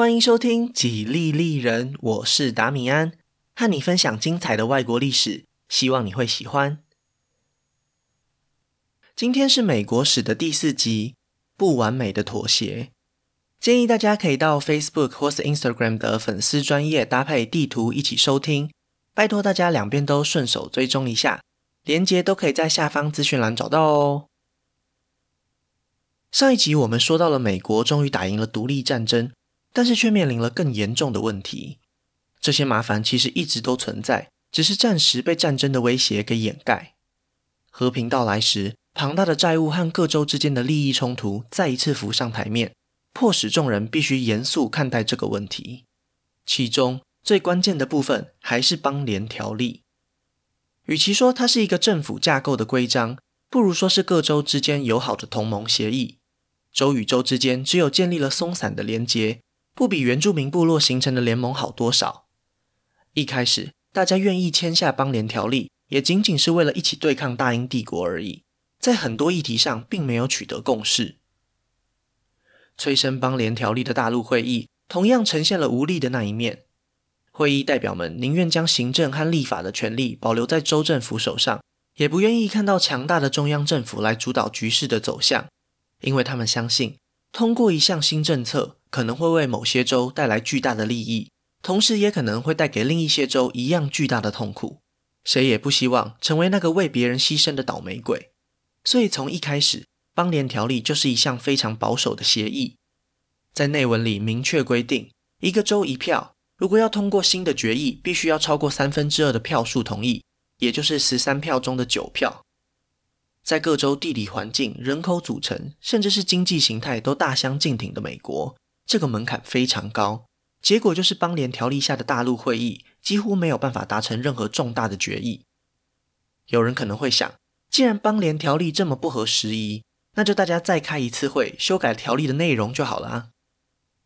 歡迎收聽《幾利利人》，我是達米安，和你分享精彩的外國歷史，希望你會喜歡。今天是美國史的第四集，《不完美的妥協》。建議大家可以到 Facebook 或是 Instagram 的粉絲專頁，搭配地圖一起收聽。拜托大家兩邊都順手追蹤一下，連結都可以在下方資訊欄找到哦。上一集我們說到了美國終於打贏了獨立戰爭。但是卻面臨了更嚴重的問題。這些麻煩其實一直都存在，只是暫時被戰爭的威脅給掩蓋。和平到來時，龐大的債務和各州之間的利益衝突再一次浮上台面，迫使眾人必須嚴肅看待這個問題。其中最關鍵的部分還是邦聯條例。與其說它是一個政府架構的規章，不如說是各州之間友好的同盟協議。州與州之間只有建立了鬆散的連結。不比原住民部落形成的聯盟好多少。一開始，大家願意簽下邦聯條例，也僅僅是為了一起對抗大英帝國而已，在很多議題上並沒有取得共識。催生邦聯條例的大陸會議，同樣呈現了無力的那一面。會議代表們寧願將行政和立法的權力保留在州政府手上，也不願意看到強大的中央政府來主導局勢的走向，因為他們相信，通過一項新政策，可能會為某些州帶來巨大的利益，同時也可能會帶給另一些州一樣巨大的痛苦。誰也不希望成為那個為別人犧牲的倒霉鬼。所以從一開始，邦聯條例就是一項非常保守的協議，在內文裡明確規定一個州一票。如果要通過新的決議，必須要超過三分之二的票數同意，也就是十三票中的九票。在各州地理環境、人口組成，甚至是經濟形態都大相徑庭的美國，這個門檻非常高，結果就是邦聯條例下的大陸會議幾乎沒有辦法達成任何重大的決議。有人可能會想，既然邦聯條例這麼不合時宜，那就大家再開一次會修改條例的內容就好了啊。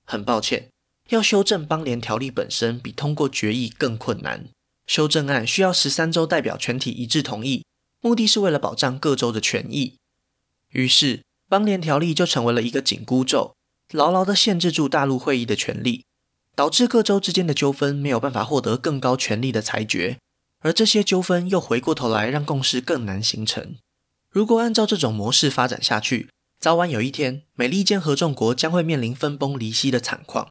很抱歉，要修正邦聯條例本身比通過決議更困難，修正案需要十三州代表全體一致同意，目的是為了保障各州的權益。於是，邦聯條例就成為了一個緊箍咒。牢牢地限制住大陸會議的權力，導致各州之間的糾紛沒有辦法獲得更高權力的裁決，而這些糾紛又回過頭來讓共識更難形成。如果按照這種模式發展下去，早晚有一天，美利堅合眾國將會面臨分崩離析的慘況。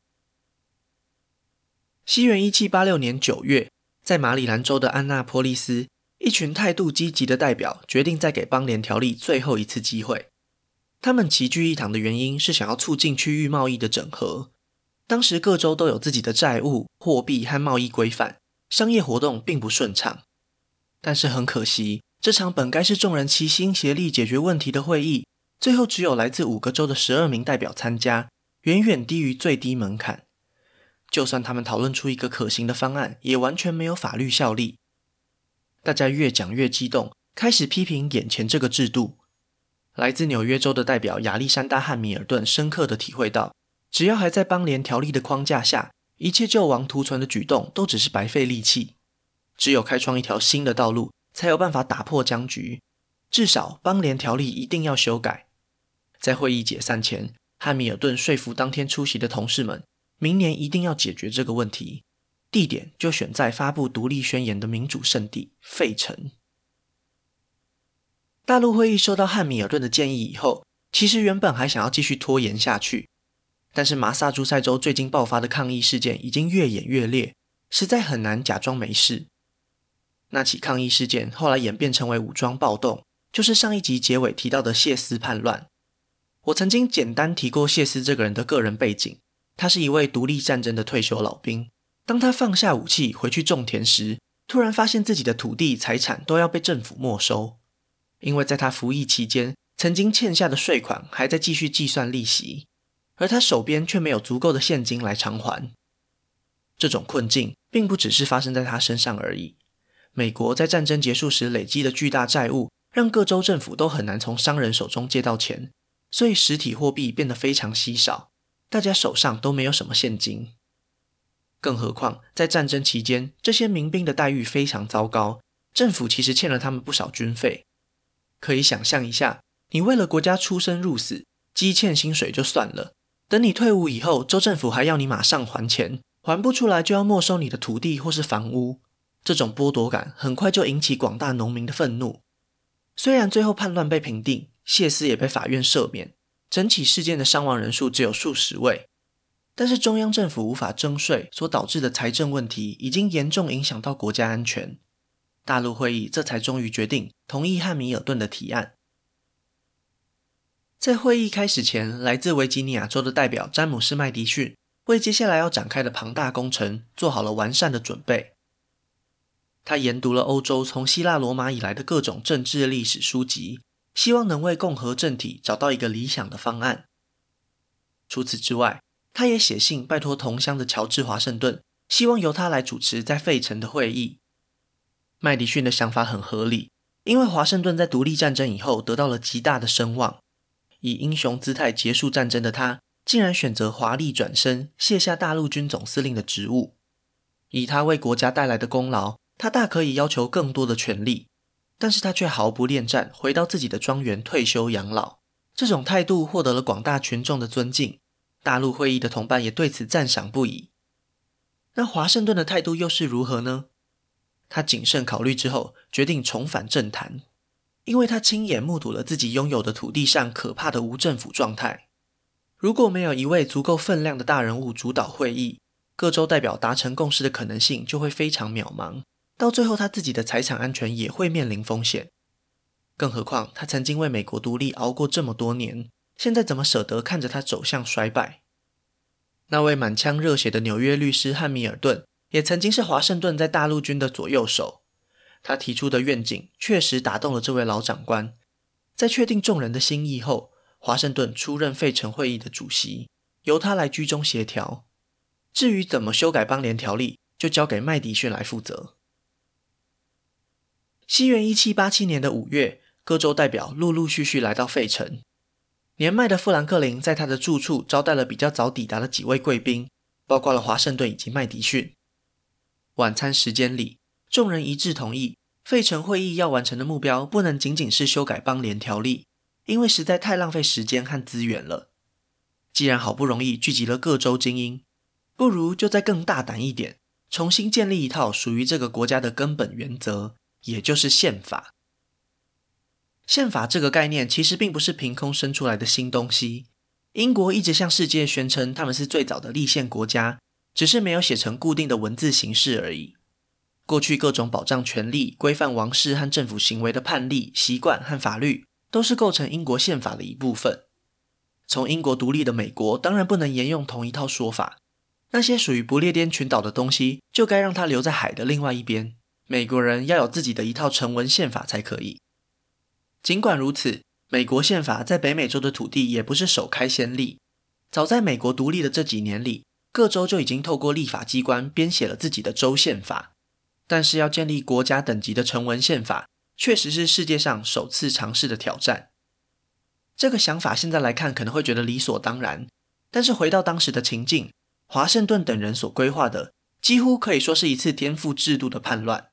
西元一七八六年九月，在馬里蘭州的安納波利斯，一群態度積極的代表決定再給邦聯條例最後一次機會。他們齊聚一堂的原因是想要促進區域貿易的整合。當時各州都有自己的債務、貨幣和貿易規範，商業活動並不順暢。但是很可惜，這場本該是眾人齊心協力解決問題的會議，最後只有來自五個州的十二名代表參加，遠遠低於最低門檻。就算他們討論出一個可行的方案，也完全沒有法律效力。大家越講越激動，開始批評眼前這個制度。來自紐約州的代表亞歷山大·漢米爾頓深刻地體會到，只要還在邦聯條例的框架下，一切救亡圖存的舉動都只是白費力氣。只有開創一條新的道路，才有辦法打破僵局。至少，邦聯條例一定要修改。在會議解散前，漢米爾頓說服當天出席的同事們，明年一定要解決這個問題。地點就選在發布獨立宣言的民主聖地——費城。大陸會議收到漢米爾頓的建議以後，其實原本還想要繼續拖延下去，但是麻薩諸塞州最近爆發的抗議事件已經越演越烈，實在很難假裝沒事。那起抗議事件後來演變成為武裝暴動，就是上一集結尾提到的謝斯叛亂。我曾經簡單提過謝斯這個人的個人背景，他是一位獨立戰爭的退休老兵。當他放下武器回去種田時，突然發現自己的土地財產都要被政府沒收。因為在他服役期間，曾經欠下的稅款還在繼續計算利息，而他手邊卻沒有足夠的現金來償還。這種困境並不只是發生在他身上而已。美國在戰爭結束時累積的巨大債務，讓各州政府都很難從商人手中借到錢，所以實體貨幣變得非常稀少，大家手上都沒有什麼現金。更何況，在戰爭期間，這些民兵的待遇非常糟糕，政府其實欠了他們不少軍費。可以想象一下，你為了國家出生入死，積欠薪水就算了，等你退伍以後，州政府還要你馬上還錢，還不出來就要沒收你的土地或是房屋。這種剝奪感很快就引起廣大農民的憤怒。雖然最後叛亂被平定，謝斯也被法院赦免，整起事件的傷亡人數只有數十位，但是中央政府無法徵稅所導致的財政問題，已經嚴重影響到國家安全。大陸會議這才終於決定同意漢米爾頓的提案。在會議開始前，來自維吉尼亞州的代表詹姆斯麥迪遜為接下來要展開的龐大工程做好了完善的準備。他研讀了歐洲從希臘羅馬以來的各種政治歷史書籍，希望能為共和政體找到一個理想的方案。除此之外，他也寫信拜托同鄉的喬治華盛頓，希望由他來主持在費城的會議。麥迪遜的想法很合理，因為華盛頓在獨立戰爭以後得到了極大的聲望，以英雄姿態結束戰爭的他，竟然選擇華麗轉身，卸下大陸軍總司令的職務。以他為國家帶來的功勞，他大可以要求更多的權力，但是他卻毫不戀戰，回到自己的莊園退休養老。這種態度獲得了廣大群眾的尊敬，大陸會議的同伴也對此讚賞不已。那華盛頓的態度又是如何呢？他謹慎考慮之後，決定重返政壇，因為他親眼目睹了自己擁有的土地上可怕的無政府狀態。如果沒有一位足夠分量的大人物主導會議，各州代表達成共識的可能性就會非常渺茫，到最後他自己的財產安全也會面臨風險。更何況，他曾經為美國獨立熬過這麼多年，現在怎麼捨得看着他走向衰敗？那位滿腔熱血的紐約律師漢米爾頓。也曾經是華盛頓在大陸軍的左右手，他提出的願景確實打動了這位老長官。在確定眾人的心意後，華盛頓出任費城會議的主席，由他來居中協調。至於怎麼修改邦聯條例，就交給麥迪遜來負責。西元一七八七年的五月，各州代表陸陸續續續來到費城。年邁的富蘭克林在他的住處招待了比較早抵達的幾位貴賓，包括了華盛頓以及麥迪遜。晚餐時間裡，眾人一致同意，費城會議要完成的目標不能僅僅是修改邦聯條例，因為實在太浪費時間和資源了。既然好不容易聚集了各州精英，不如就再更大膽一點，重新建立一套屬於這個國家的根本原則，也就是憲法。憲法這個概念其實並不是憑空生出來的新東西。英國一直向世界宣稱他們是最早的立憲國家。只是沒有寫成固定的文字形式而已。過去各種保障權利、規範王室和政府行為的判例、習慣和法律，都是構成英國憲法的一部分。從英國獨立的美國當然不能沿用同一套說法，那些屬於不列顛群島的東西就該讓它留在海的另外一邊。美國人要有自己的一套成文憲法才可以。儘管如此，美國憲法在北美洲的土地也不是首開先例。早在美國獨立的這幾年裡。各州就已經透過立法機關編寫了自己的州憲法，但是要建立國家等級的成文憲法，確實是世界上首次嘗試的挑戰。這個想法現在來看可能會覺得理所當然，但是回到當時的情境，華盛頓等人所規劃的幾乎可以說是一次顛覆制度的叛亂。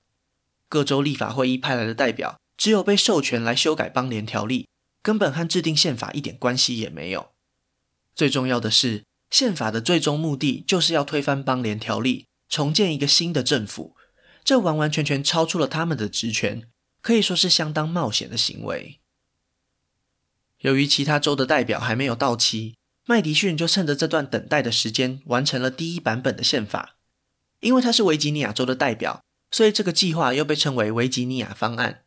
各州立法會議派來的代表只有被授權來修改邦聯條例，根本和制定憲法一點關係也沒有。最重要的是，憲法的最終目的就是要推翻邦聯條例，重建一個新的政府。這完完全全超出了他們的職權，可以說是相當冒險的行為。由於其他州的代表還沒有到期，麥迪遜就趁着這段等待的時間完成了第一版本的憲法。因為他是維吉尼亞州的代表，所以這個計劃又被稱為維吉尼亞方案。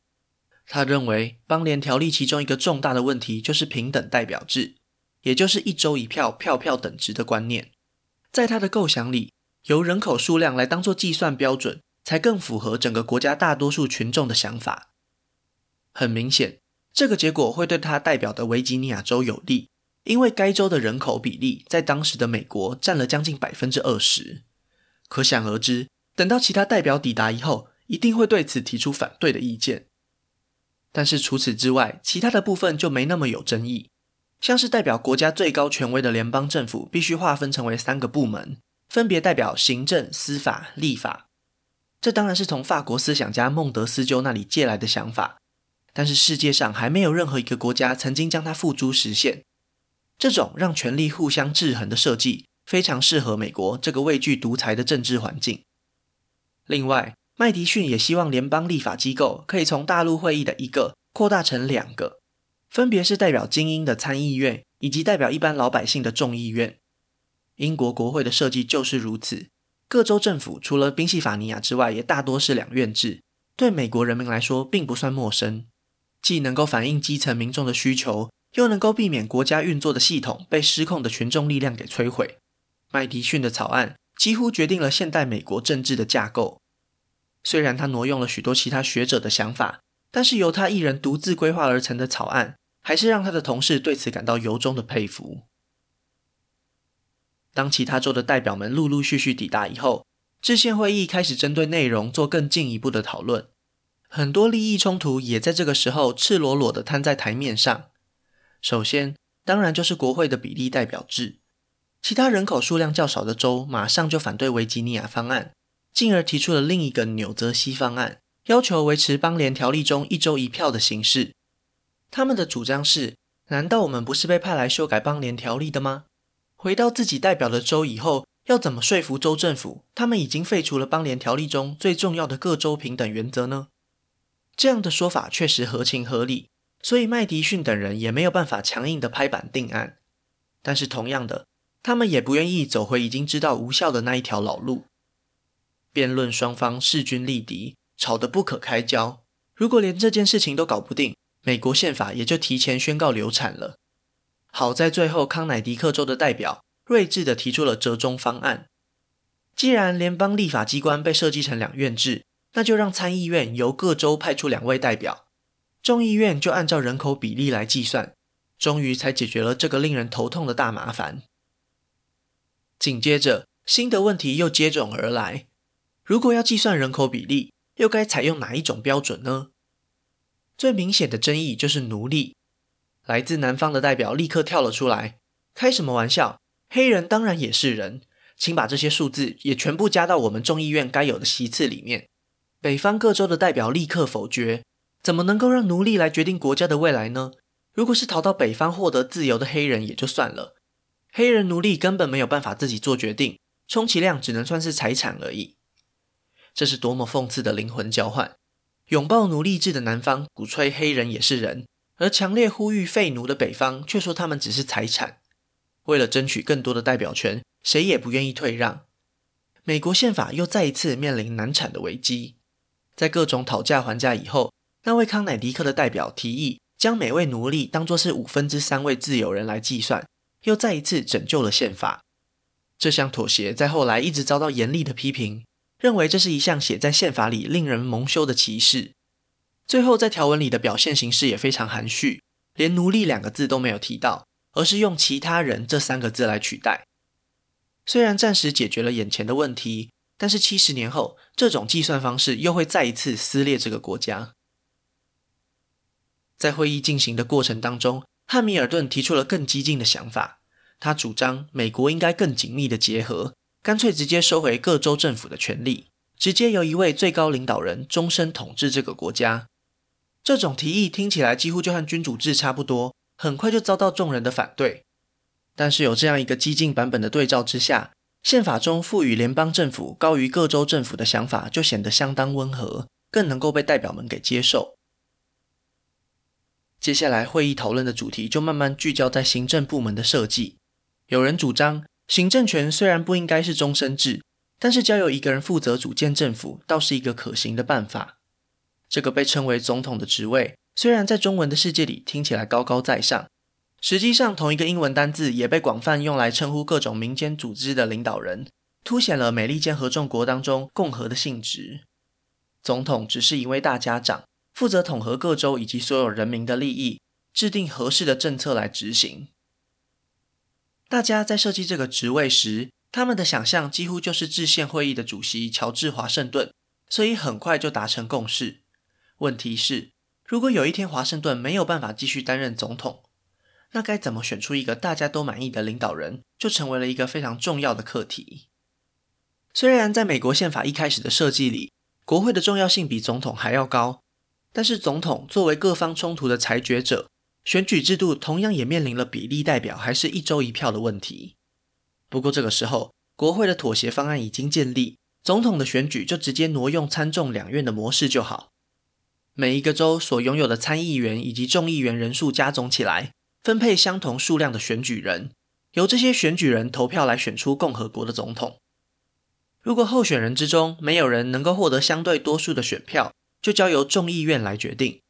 他認為邦聯條例其中一個重大的問題就是平等代表制。也就是一州一票、票票等值的觀念，在他的構想裡，由人口數量來當做計算標準，才更符合整個國家大多數群眾的想法。很明顯，這個結果會對他代表的維吉尼亞州有利，因為該州的人口比例在當時的美國占了將近百分之二十。可想而知，等到其他代表抵達以後，一定會對此提出反對的意見。但是除此之外，其他的部分就沒那麼有爭議。像是代表國家最高權威的聯邦政府必須劃分成為三個部門，分別代表行政、司法、立法。這當然是從法國思想家孟德斯鳩那裡借來的想法，但是世界上還沒有任何一個國家曾經將它付諸實現。這種讓權力互相制衡的設計非常適合美國這個畏懼獨裁的政治環境。另外，麥迪遜也希望聯邦立法機構可以從大陸會議的一個擴大成兩個。分別是代表精英的參議院，以及代表一般老百姓的眾議院。英國國會的設計就是如此。各州政府除了賓夕法尼亞之外，也大多是兩院制，對美國人民來說並不算陌生。既能夠反映基層民眾的需求，又能夠避免國家運作的系統被失控的群眾力量給摧毀。麥迪遜的草案幾乎決定了現代美國政治的架構。雖然他挪用了許多其他學者的想法，但是由他一人獨自規劃而成的草案。還是讓他的同事對此感到由衷的佩服。當其他州的代表們陸陸續續抵達以後，制憲會議開始針對內容做更進一步的討論。很多利益衝突也在這個時候赤裸裸地攤在台面上。首先，當然就是國會的比例代表制。其他人口數量較少的州馬上就反對維吉尼亞方案，進而提出了另一個紐澤西方案，要求維持邦聯條例中一州一票的形式。他們的主張是：難道我們不是被派來修改邦聯條例的嗎？回到自己代表的州以後，要怎麼說服州政府，他們已經廢除了邦聯條例中最重要的各州平等原則呢？這樣的說法確實合情合理，所以麥迪遜等人也沒有辦法強硬地拍板定案。但是，同樣的，他們也不願意走回已經知道無效的那一條老路。辯論雙方勢均力敵，吵得不可開交。如果連這件事情都搞不定，美國憲法也就提前宣告流產了。好在最後，康乃狄克州的代表睿智地提出了折中方案：既然聯邦立法機關被設計成兩院制，那就讓參議院由各州派出兩位代表，眾議院就按照人口比例來計算。終於才解決了這個令人頭痛的大麻煩。緊接着，新的問題又接踵而來：如果要計算人口比例，又該採用哪一種標準呢？最明顯的爭議就是奴隸。來自南方的代表立刻跳了出來：“開什麼玩笑？黑人當然也是人，請把這些數字也全部加到我們眾議院該有的席次裡面。”北方各州的代表立刻否決：“怎麼能夠讓奴隸來決定國家的未來呢？如果是逃到北方獲得自由的黑人也就算了，黑人奴隸根本沒有辦法自己做決定，充其量只能算是財產而已。這是多麼諷刺的靈魂交換！”擁抱奴隸制的南方鼓吹黑人也是人，而強烈呼籲廢奴的北方卻說他們只是財產。為了爭取更多的代表權，誰也不願意退讓。美國憲法又再一次面臨難產的危機。在各種討價還價以後，那位康乃狄克的代表提議將每位奴隸當作是五分之三位自由人來計算，又再一次拯救了憲法。這項妥協在後來一直遭到嚴厲的批評。認為這是一項寫在憲法裡令人蒙羞的歧視。最後，在條文裡的表現形式也非常含蓄，連“奴隸”兩個字都沒有提到，而是用“其他人”這三個字來取代。雖然暫時解決了眼前的問題，但是七十年後，這種計算方式又會再一次撕裂這個國家。在會議進行的過程當中，漢米爾頓提出了更激進的想法，他主張美國應該更緊密的結合。乾脆直接收回各州政府的權力，直接由一位最高領導人終身統治這個國家。這種提議聽起來幾乎就和君主制差不多，很快就遭到眾人的反對。但是有這樣一個激進版本的對照之下，憲法中賦予聯邦政府高於各州政府的想法就顯得相當溫和，更能夠被代表們給接受。接下來會議討論的主題就慢慢聚焦在行政部門的設計。有人主張，行政權雖然不應該是終身制，但是交由一個人負責組建政府，倒是一個可行的辦法。這個被稱為總統的職位，雖然在中文的世界裡聽起來高高在上，實際上同一個英文單字也被廣泛用來稱呼各種民間組織的領導人，凸顯了美利堅合眾國當中共和的性質。總統只是一位大家長，負責統合各州以及所有人民的利益，制定合適的政策來執行。大家在設計這個職位時，他們的想象幾乎就是制憲會議的主席喬治華盛頓，所以很快就達成共識。問題是，如果有一天華盛頓沒有辦法繼續擔任總統，那該怎麼選出一個大家都滿意的領導人，就成為了一個非常重要的課題。雖然在美國憲法一開始的設計裡，國會的重要性比總統還要高，但是總統作為各方衝突的裁決者，選舉制度同樣也面臨了比例代表還是—一州一票的問題。不過這個時候，國會的妥協方案已經建立，總統的選舉就直接挪用參眾兩院的模式就好。每一個州所擁有的參議員以及眾議員人數加總起來，分配相同數量的選舉人，由這些選舉人投票來選出共和國的總統。如果候選人之中沒有人能夠獲得相對多數的選票，就交由眾議院來決定。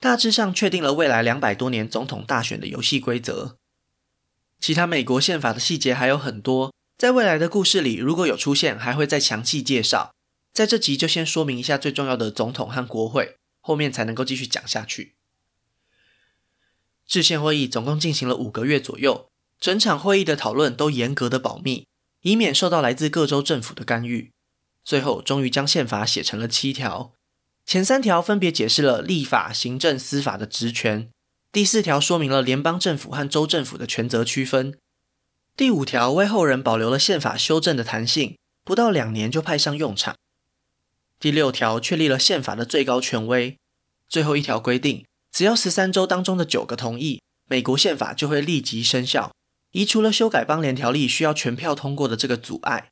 大致上確定了未來兩百多年總統大選的遊戲規則。其他美國憲法的細節還有很多，在未來的故事裡如果有出現，還會再詳細介紹。在這集就先說明一下最重要的總統和國會，後面才能夠繼續講下去。制憲會議總共進行了五個月左右，整場會議的討論都嚴格的保密，以免受到來自各州政府的干預。最後終於將憲法寫成了七條。前三條分別解釋了立法、行政、司法的職權，第四條說明了聯邦政府和州政府的權責區分，第五條為後人保留了憲法修正的彈性，不到兩年就派上用場。第六條確立了憲法的最高權威，最後一條規定，只要十三州當中的九個同意，美國憲法就會立即生效，移除了修改邦聯條例需要全票通過的這個阻礙。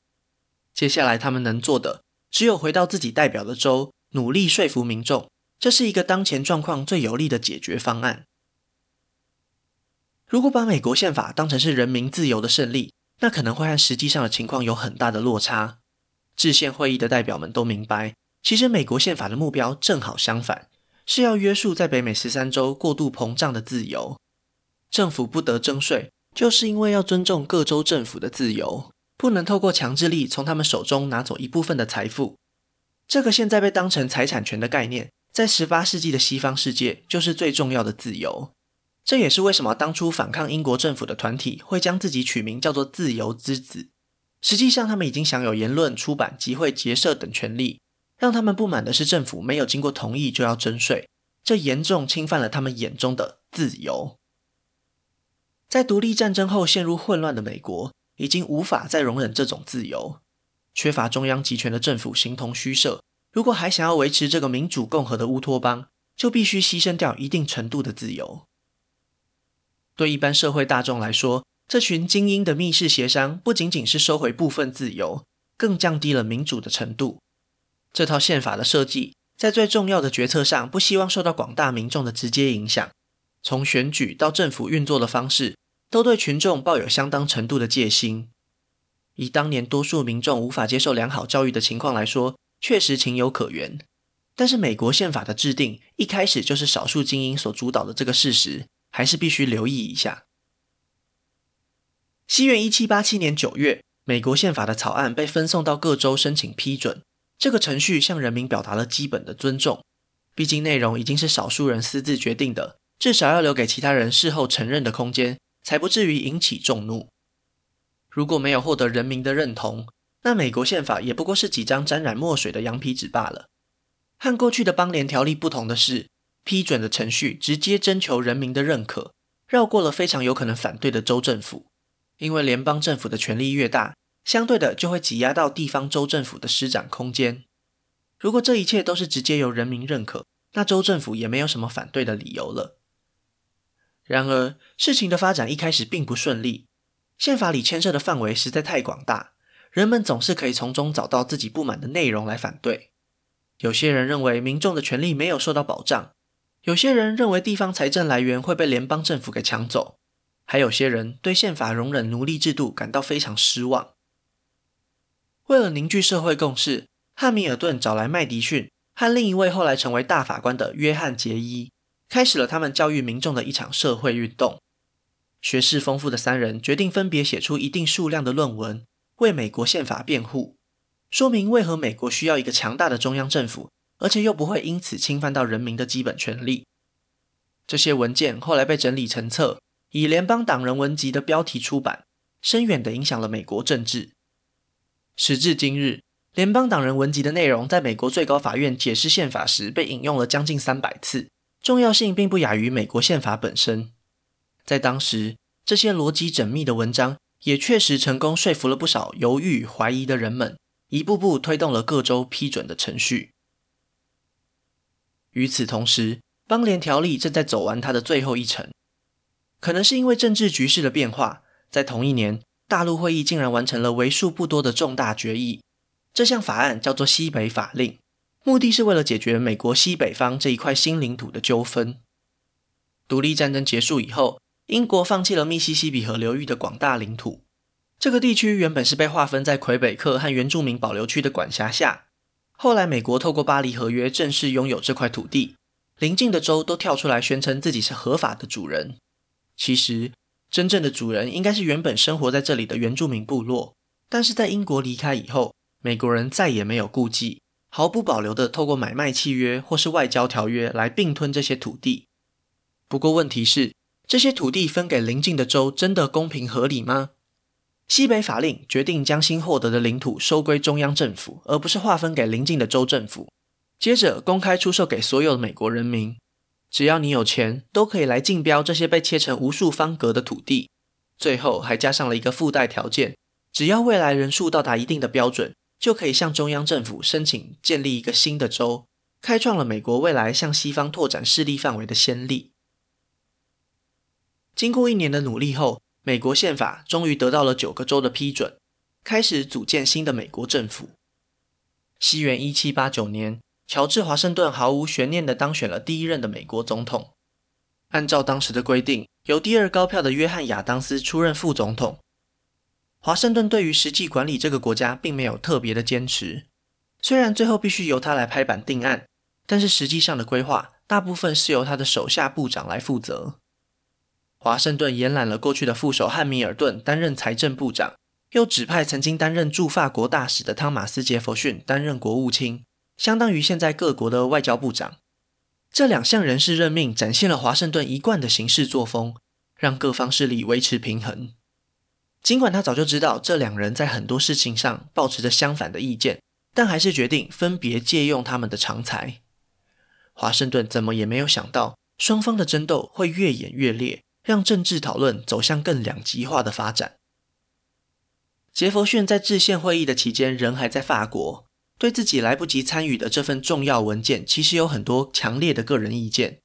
接下來他們能做的，只有回到自己代表的州。努力說服民眾，這是一個當前狀況最有利的解決方案。如果把美國憲法當成是人民自由的勝利，那可能會和實際上的情況有很大的落差。制憲會議的代表們都明白，其實美國憲法的目標正好相反，是要約束在北美十三州過度膨脹的自由。政府不得徵稅，就是因為要尊重各州政府的自由，不能透過強制力從他們手中拿走一部分的財富。這個現在被當成財產權的概念，在十八世紀的西方世界就是最重要的自由。這也是為什麼當初反抗英國政府的團體會將自己取名叫做“自由之子”。實際上，他們已經享有言論、出版、集會、結社等權利。讓他們不滿的是，政府沒有經過同意就要徵稅，這嚴重侵犯了他們眼中的自由。在獨立戰爭後陷入混亂的美國，已經無法再容忍這種自由。缺乏中央集權的政府形同虛設。如果還想要維持這個民主共和的烏托邦，就必須犧牲掉一定程度的自由。對一般社會大眾來說，這群精英的密室協商不僅僅是收回部分自由，更降低了民主的程度。這套憲法的設計，在最重要的決策上不希望受到廣大民眾的直接影響。從選舉到政府運作的方式，都對群眾抱有相當程度的戒心。以當年多數民眾無法接受良好教育的情況來說，確實情有可原。但是美國憲法的制定一開始就是少數精英所主導的這個事實，還是必須留意一下。西元一七八七年九月，美國憲法的草案被分送到各州申請批准，這個程序向人民表達了基本的尊重。畢竟內容已經是少數人私自決定的，至少要留給其他人事後承認的空間，才不至於引起眾怒。如果沒有獲得人民的認同，那美國憲法也不過是幾張沾染墨水的羊皮紙罷了。和過去的邦聯條例不同的是，批准的程序直接徵求人民的認可，繞過了非常有可能反對的州政府。因為聯邦政府的權力越大，相對的就會擠壓到地方州政府的施展空間。如果這一切都是直接由人民認可，那州政府也沒有什麼反對的理由了。然而，事情的發展一開始並不順利。憲法裡牽涉的範圍實在太廣大，人們總是可以從中找到自己不滿的內容來反對。有些人認為民眾的權利沒有受到保障，有些人認為地方財政來源會被聯邦政府給搶走，還有些人對憲法容忍奴隸制度感到非常失望。為了凝聚社會共識，漢米爾頓找來麥迪遜和另一位後來成為大法官的約翰·杰伊，開始了他們教育民眾的一場社會運動。學識豐富的三人決定分別寫出一定數量的論文，為美國憲法辯護，說明為何美國需要一個強大的中央政府，而且又不會因此侵犯到人民的基本權利。這些文件後來被整理成冊，以《聯邦黨人文集》的標題出版，深遠地影響了美國政治。時至今日，《聯邦黨人文集》的內容在美國最高法院解釋憲法時被引用了將近三百次，重要性並不亞於美國憲法本身。在當時，這些邏輯縝密的文章也確實成功說服了不少猶豫、懷疑的人們，一步步推動了各州批准的程序。與此同時，邦聯條例正在走完它的最後一程。可能是因為政治局勢的變化，在同一年，大陸會議竟然完成了為數不多的重大決議。這項法案叫做《西北法令》，目的是為了解決美國西北方這一塊新領土的糾紛。獨立戰爭結束以後，英國放棄了密西西比河流域的廣大領土，這個地區原本是被劃分在魁北克和原住民保留區的管轄下。後來，美國透過巴黎合約正式擁有這塊土地，鄰近的州都跳出來宣稱自己是合法的主人。其實，真正的主人應該是原本生活在這裡的原住民部落，但是在英國離開以後，美國人再也沒有顧忌，毫不保留地透過買賣契約或是外交條約來併吞這些土地。不過，問題是，這些土地分給鄰近的州，真的公平合理嗎？西北法令決定將新獲得的領土收歸中央政府，而不是劃分給鄰近的州政府。接着公開出售給所有的美國人民，只要你有錢，都可以來競標這些被切成無數方格的土地。最後還加上了一個附帶條件：只要未來人數到達一定的標準，就可以向中央政府申請建立一個新的州，開創了美國未來向西方拓展勢力範圍的先例。經過一年的努力後，美國憲法終於得到了九個州的批准，開始組建新的美國政府。西元一七八九年，喬治華盛頓毫無懸念地當選了第一任的美國總統。按照當時的規定，由第二高票的約翰亞當斯出任副總統。華盛頓對於實際管理這個國家並沒有特別的堅持，雖然最後必須由他來拍板定案，但是實際上的規劃大部分是由他的手下部長來負責。華盛頓延攬了過去的副手漢米爾頓擔任財政部長，又指派曾經擔任駐法國大使的湯馬斯·傑弗遜擔任國務卿，相當於現在各國的外交部長。這兩項人事任命展現了華盛頓一貫的行事作風，讓各方勢力維持平衡。盡管他早就知道這兩人在很多事情上抱持着相反的意見，但還是決定分別借用他們的長才。華盛頓怎麼也沒有想到，雙方的爭鬥會越演越烈。讓政治討論走向更兩極化的發展。傑佛遜在制憲會議的期間，人還在法國，對自己來不及參與的這份重要文件，其實有很多強烈的個人意見。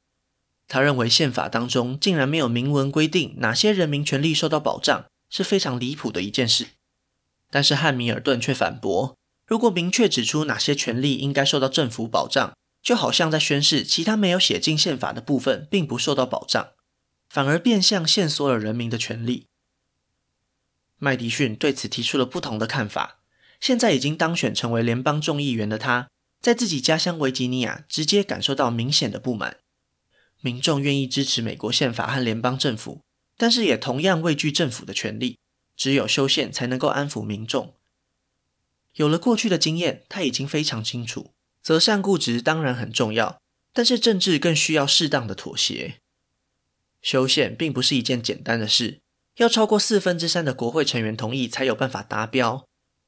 他認為憲法當中竟然沒有明文規定哪些人民權利受到保障，是非常離譜的一件事。但是漢米爾頓卻反駁：如果明確指出哪些權利應該受到政府保障，就好像在宣示其他沒有寫進憲法的部分並不受到保障。反而變相限縮了人民的權利。麥迪遜對此提出了不同的看法。現在已經當選成為聯邦眾議員的他，在自己家鄉維吉尼亞直接感受到明顯的不滿。民眾願意支持美國憲法和聯邦政府，但是也同樣畏懼政府的權力。只有修憲才能夠安撫民眾。有了過去的經驗，他已經非常清楚，擇善固執當然很重要，但是政治更需要適當的妥協。修憲並不是一件簡單的事，要超過四分之三的國會成員同意才有辦法達標。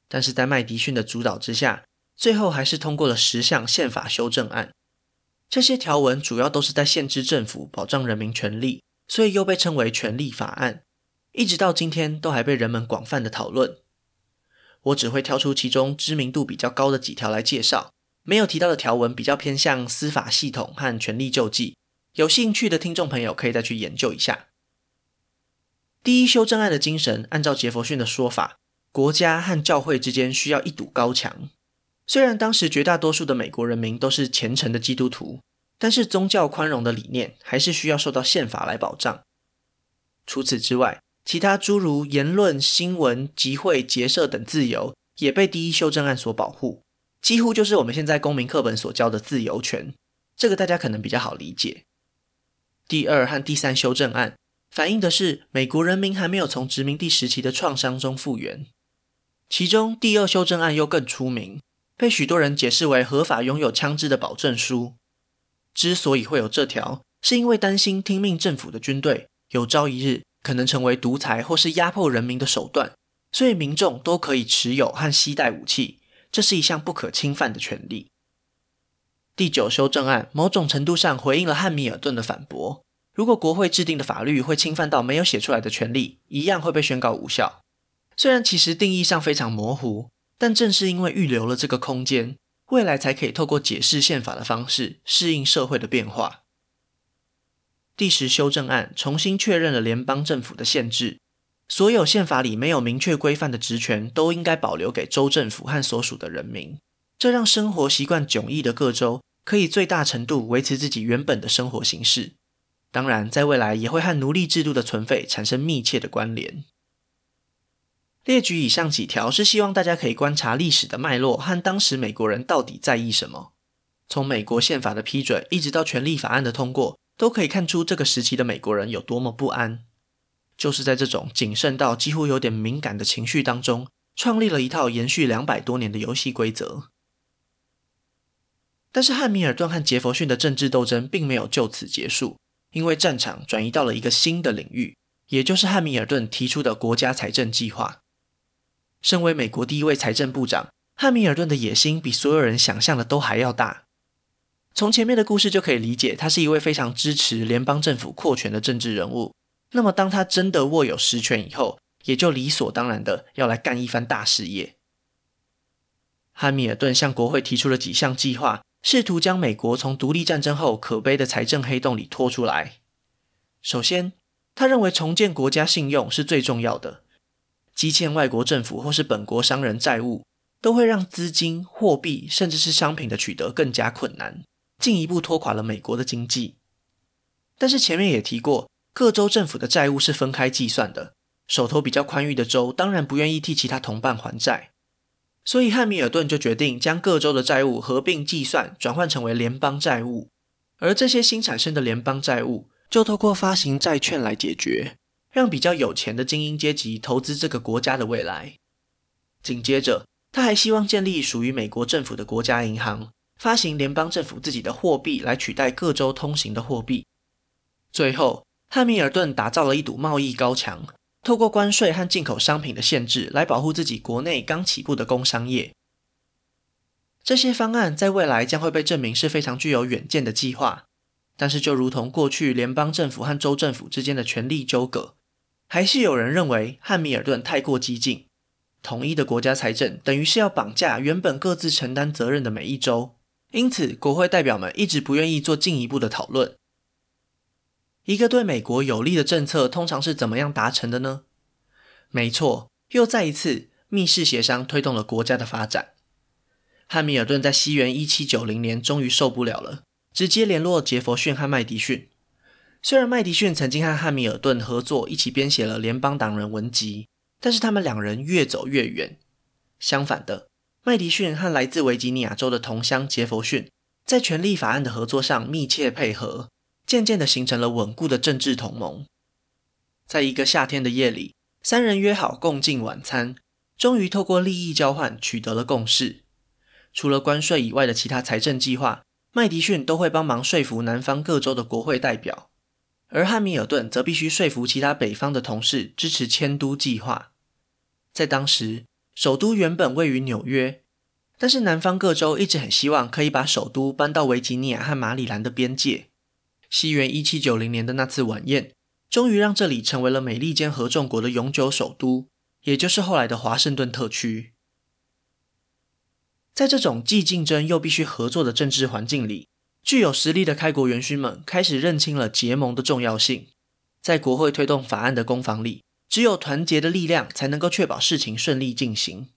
但是在麥迪遜的主導之下，最後還是通過了十項憲法修正案。這些條文主要都是在限制政府、保障人民權利，所以又被稱為《權利法案》。一直到今天都還被人們廣泛的討論。我只會挑出其中知名度比較高的幾條來介紹，沒有提到的條文比較偏向司法系統和權力救濟。有興趣的聽眾朋友可以再去研究一下《第一修正案》的精神。按照傑佛遜的說法，國家和教會之間需要一堵高牆。雖然當時絕大多數的美國人民都是虔誠的基督徒，但是宗教寬容的理念還是需要受到憲法來保障。除此之外，其他諸如言論、新聞、集會、結社等自由也被《第一修正案》所保護，幾乎就是我們現在公民課本所教的自由權。這個大家可能比較好理解。第二和第三修正案反映的是美國人民還沒有從殖民地時期的創傷中復原。其中，第二修正案又更出名，被許多人解釋為合法擁有槍支的保證書。之所以會有這條，是因為擔心聽命政府的軍隊有朝一日可能成為獨裁或是壓迫人民的手段，所以民眾都可以持有和攜帶武器，這是一項不可侵犯的權利。第九修正案某種程度上回應了漢米爾頓的反駁：如果國會制定的法律會侵犯到沒有寫出來的權利，一樣會被宣告無效。雖然其實定義上非常模糊，但正是因為預留了這個空間，未來才可以透過解釋憲法的方式適應社會的變化。第十修正案重新確認了聯邦政府的限制：所有憲法裡沒有明確規範的職權，都應該保留給州政府和所屬的人民。這讓生活習慣迥異的各州，可以最大程度維持自己原本的生活形式，當然，在未來也會和奴隸制度的存廢產生密切的關聯。列舉以上幾條，是希望大家可以觀察歷史的脈絡和當時美國人到底在意什麼。從美國憲法的批准一直到權利法案的通過，都可以看出這個時期的美國人有多麼不安。就是在這種謹慎到幾乎有點敏感的情緒當中，創立了一套延續兩百多年的遊戲規則。但是漢米爾頓和傑弗遜的政治鬥爭並沒有就此結束，因為戰場轉移到了一個新的領域，也就是漢米爾頓提出的國家財政計劃。身為美國第一位財政部長，漢米爾頓的野心比所有人想象的都還要大。從前面的故事就可以理解，他是一位非常支持聯邦政府擴權的政治人物。那麼，當他真的握有實權以後，也就理所當然的要來幹一番大事業。漢米爾頓向國會提出了幾項計劃，試圖將美國從獨立戰爭後可悲的財政黑洞裡拖出來。首先，他認為重建國家信用是最重要的。積欠外國政府或是本國商人債務，都會讓資金、貨幣甚至是商品的取得更加困難，進一步拖垮了美國的經濟。但是前面也提過，各州政府的債務是分開計算的，手頭比較寬裕的州當然不願意替其他同伴還債。所以，漢密爾頓就決定將各州的債務合併計算，轉換成為聯邦債務，而這些新產生的聯邦債務就透過發行債券來解決，讓比較有錢的精英階級投資這個國家的未來。緊接着，他還希望建立屬於美國政府的國家銀行，發行聯邦政府自己的貨幣來取代各州通行的貨幣。最後，漢密爾頓打造了一堵貿易高牆。透過關稅和進口商品的限制來保護自己國內剛起步的工商業，這些方案在未來將會被證明是非常具有遠見的計劃。但是，就如同過去聯邦政府和州政府之間的權力糾葛，還是有人認為漢米爾頓太過激進。統一的國家財政等於是要綁架原本各自承擔責任的每一州，因此，國會代表們一直不願意做進一步的討論。一個對美國有利的政策通常是怎麼樣達成的呢？沒錯，又再一次密室協商推動了國家的發展。漢米爾頓在西元一七九零年終於受不了了，直接聯絡傑佛遜和麥迪遜。雖然麥迪遜曾經和漢米爾頓合作，一起編寫了聯邦黨人文集，但是他們兩人越走越遠。相反的，麥迪遜和來自維吉尼亞州的同鄉杰佛遜在權利法案的合作上密切配合。漸漸地形成了穩固的政治同盟。在一個夏天的夜裡，三人約好共進晚餐，終於透過利益交換取得了共識。除了關稅以外的其他財政計劃，麥迪遜都會幫忙說服南方各州的國會代表，而漢米爾頓則必須說服其他北方的同事支持遷都計劃。在當時，首都原本位於紐約，但是南方各州一直很希望可以把首都搬到維吉尼亞和馬里蘭的邊界。西元一七九零年的那次晚宴，終於讓這裡成為了美利堅合眾國的永久首都，也就是後來的華盛頓特區。在這種既競爭又必須合作的政治環境裡，具有實力的開國元勳們開始認清了結盟的重要性。在國會推動法案的攻防裡，只有團結的力量才能夠確保事情順利進行。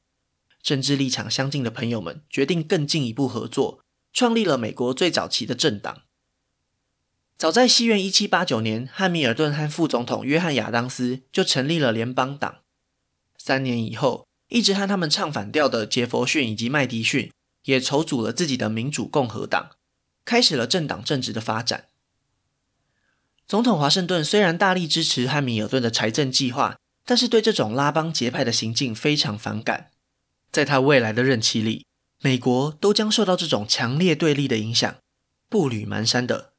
政治立場相近的朋友們決定更進一步合作，創立了美國最早期的政黨。早在西元一七八九年，漢米爾頓和副總統約翰·亞當斯就成立了聯邦黨。三年以後，一直和他們唱反調的傑佛遜以及麥迪遜也籌組了自己的民主共和黨，開始了政黨政治的發展。總統華盛頓雖然大力支持漢米爾頓的財政計劃，但是對這種拉幫結派的行徑非常反感。在他未來的任期裡，美國都將受到這種強烈對立的影響，步履蹣跚的